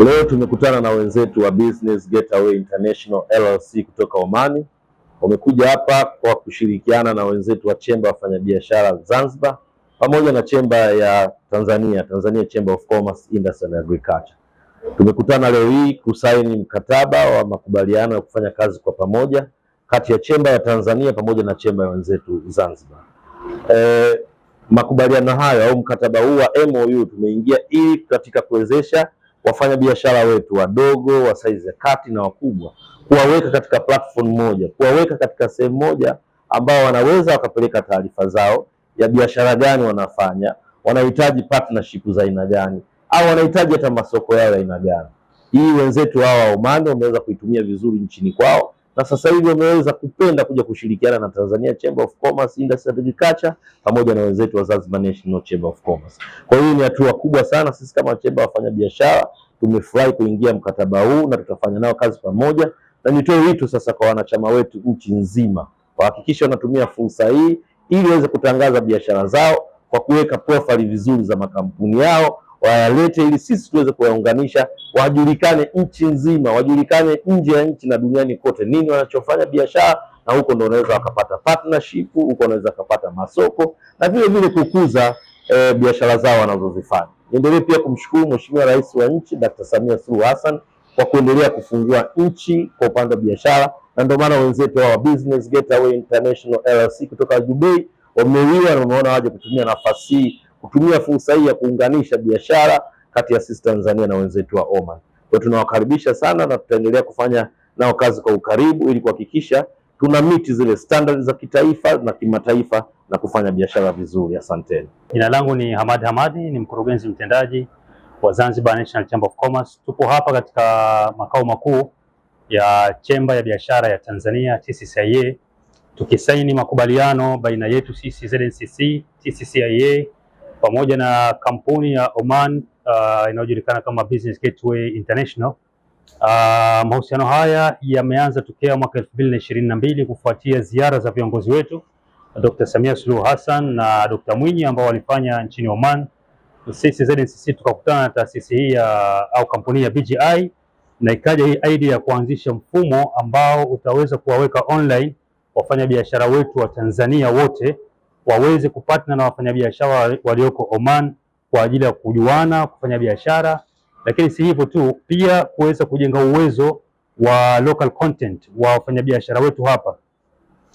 Leo tumekutana na wenzetu wa Business Getaway International LLC kutoka Omani. Wamekuja hapa kwa kushirikiana na wenzetu wa chemba wafanyabiashara Zanzibar pamoja na chemba ya Tanzania, Tanzania Chamber of Commerce, Industry and Agriculture. Tumekutana leo hii kusaini mkataba wa makubaliano ya kufanya kazi kwa pamoja kati ya chemba ya Tanzania pamoja na chemba ya wenzetu Zanzibar. E, makubaliano hayo au mkataba huu wa MOU tumeingia ili katika kuwezesha wafanyabiashara wetu wadogo wa saizi za kati na wakubwa, kuwaweka katika platform moja, kuwaweka katika sehemu moja ambao wanaweza wakapeleka taarifa zao ya biashara gani wanafanya, wanahitaji partnership za aina gani, au wanahitaji hata masoko yao ya aina gani. Hii wenzetu hawa Omani wameweza kuitumia vizuri nchini kwao na sasa hivi wameweza kupenda kuja kushirikiana na Tanzania Chamber of Commerce Industry and Agriculture pamoja na wenzetu wa Zanzibar National Chamber of Commerce. Kwa hiyo ni hatua kubwa sana, sisi kama chemba biashara tumefurahi kuingia mkataba huu na tutafanya nao kazi pamoja, na nitoe wito sasa kwa wanachama wetu nchi nzima wahakikisha wanatumia fursa hii ili waweze kutangaza biashara zao kwa kuweka profile vizuri za makampuni yao wayalete ili sisi tuweze kuwaunganisha, wajulikane nchi nzima, wajulikane nje ya nchi na duniani kote, nini wanachofanya biashara, na huko ndo unaweza wakapata partnership, huko unaweza wakapata masoko na vile vile kukuza e, biashara zao wanazozifanya. Niendelee pia kumshukuru Mheshimiwa Rais wa nchi Dr. Samia Suluhu Hassan kwa kuendelea kufungua nchi kwa upande wa biashara, na ndio maana wenzetu wa Business Gateway International LLC kutoka Dubai wameuiwa na wameona waje kutumia nafasi hii kutumia fursa hii ya kuunganisha biashara kati ya sisi Tanzania na wenzetu wa Oman. Kwa tunawakaribisha sana na tutaendelea kufanya nao kazi kwa ukaribu ili kuhakikisha tuna miti zile standard za kitaifa na kimataifa na kufanya biashara vizuri. Asanteni. Jina langu ni Hamad Hamadi, ni mkurugenzi mtendaji wa Zanzibar National Chamber of Commerce. Tupo hapa katika makao makuu ya chemba ya biashara ya Tanzania TCCIA, tukisaini makubaliano baina yetu sisi ZNCC, TCCIA pamoja na kampuni ya Oman uh, inayojulikana kama Business Gateway International. Uh, mahusiano haya yameanza tokea mwaka elfu mbili na ishirini na mbili kufuatia ziara za viongozi wetu Dr. Samia Suluhu Hassan na Dr. Mwinyi ambao walifanya nchini Oman. Sisi ZNCC tukakutana na taasisi hii au kampuni ya BGI na ikaja hii idea ya kuanzisha mfumo ambao utaweza kuwaweka online wafanya biashara wetu wa Tanzania wote waweze kupatana na wafanyabiashara walioko Oman kwa ajili ya kujuana kufanya biashara, lakini si hivyo tu, pia kuweza kujenga uwezo wa local content wa wafanyabiashara wetu hapa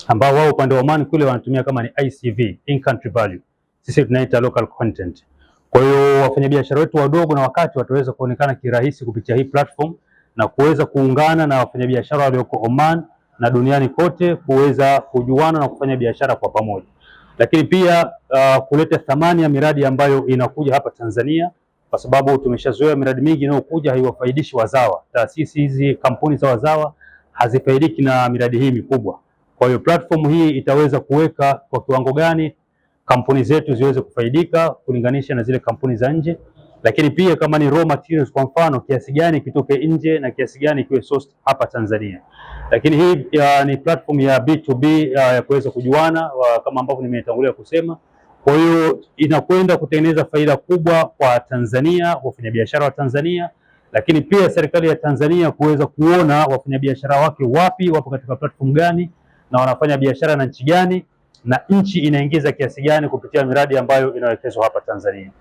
ambao wao upande wa Oman kule wanatumia kama ni ICV, in country value, sisi tunaita local content. Kwa hiyo wafanyabiashara wetu wadogo na wakati wataweza kuonekana kirahisi kupitia hii platform na kuweza kuungana na wafanyabiashara walioko Oman na duniani kote kuweza kujuana na kufanya biashara kwa pamoja lakini pia uh, kuleta thamani ya miradi ambayo inakuja hapa Tanzania, kwa sababu tumeshazoea miradi mingi inayokuja haiwafaidishi wazawa. Taasisi hizi, kampuni za wazawa hazifaidiki na miradi hii mikubwa. Kwa hiyo platform hii itaweza kuweka kwa kiwango gani kampuni zetu ziweze kufaidika kulinganisha na zile kampuni za nje lakini pia kama ni raw materials, kwa mfano kiasi gani kitoke nje na kiasi gani kiwe sourced hapa Tanzania. Lakini hii ya, ni platform ya B2B ya, ya kuweza kujuana wa, kama ambavyo nimetangulia kusema. Kwa hiyo inakwenda kutengeneza faida kubwa kwa Tanzania, wafanyabiashara wa Tanzania, lakini pia serikali ya Tanzania kuweza kuona wafanyabiashara wake wapi wapo katika platform gani na wanafanya biashara na nchi gani na nchi inaingiza kiasi gani kupitia miradi ambayo inawekezwa hapa Tanzania.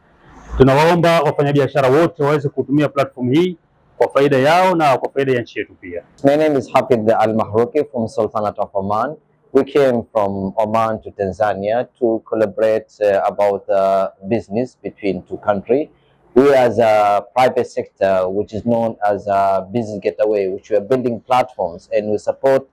Tunawaomba wafanyabiashara wote waweze kutumia platform hii kwa faida yao na kwa faida ya nchi yetu pia. My name is Hafidh Al Mahruki from Sultanate of Oman. We came from Oman to Tanzania to collaborate uh, about business between two countries. We as a private sector, which is known as a business getaway, which we are building platforms and we support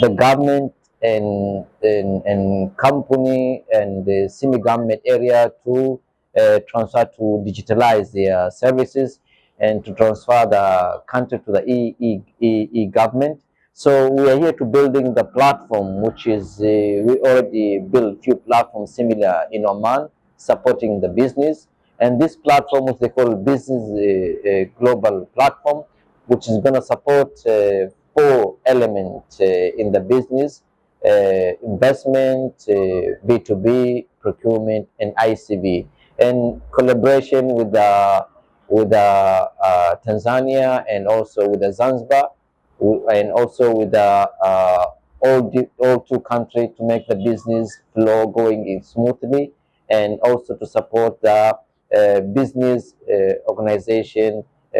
the government and, and, and company and the semi-government area to uh, transfer to digitalize their services and to transfer the country to the e-government. -E -E so we are here to building the platform, which is uh, we already built few platforms similar in Oman, supporting the business. And this platform, which they call Business uh, uh, Global Platform, which is going to support uh, four elements uh, in the business, uh, investment, uh, B2B, procurement, and ICB in collaboration with the uh, with the uh, uh, Tanzania and also with the Zanzibar and also with the all, the, all two countries to make the business flow going in smoothly and also to support the uh, business uh, organization uh,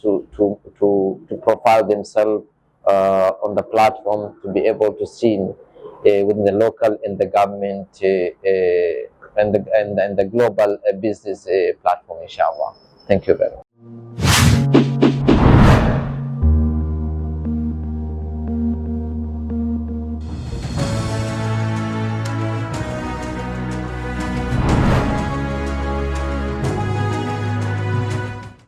to, to, to, to profile themselves uh, on the platform to be able to see uh, within the local and the government uh, uh, and the, and, and the global uh, business uh, platform, inshallah. Thank you very much.